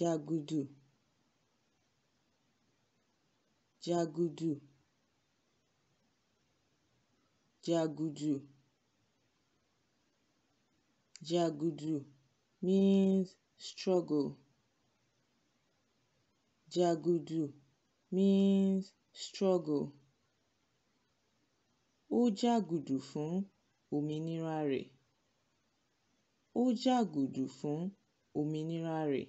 Jagudu, jagudu, jagudu, jagudu means struggle Jagudu means struggle ó jagudu fún òmìnira rẹ̀ ó jagudu fún òmìnira rẹ̀